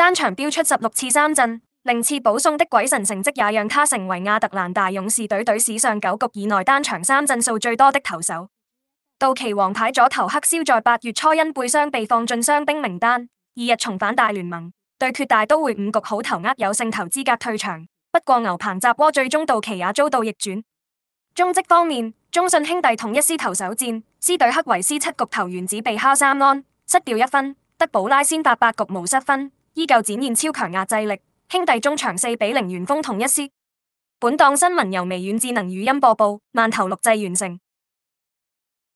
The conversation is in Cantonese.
單場飆出十六次三振，零次保送的鬼神成績也讓他成為亞特蘭大勇士隊隊史上九局以內單場三振數最多的投手。道奇王牌左投黑燒在八月初因背傷被放進傷兵名單，二日重返大聯盟對決大都會五局好投，握有勝投資格退場。不過牛棚炸鍋，最終道奇也遭到逆轉。中職方面，中信兄弟統一獅投手戰獅隊克維斯七局投完，只被敲三安，失掉一分；德保拉先發八,八局無失分。依舊展現超強壓制力，兄弟中場四比零，完封統一獅。本檔新聞由微軟智能語音播報，慢頭錄製完成。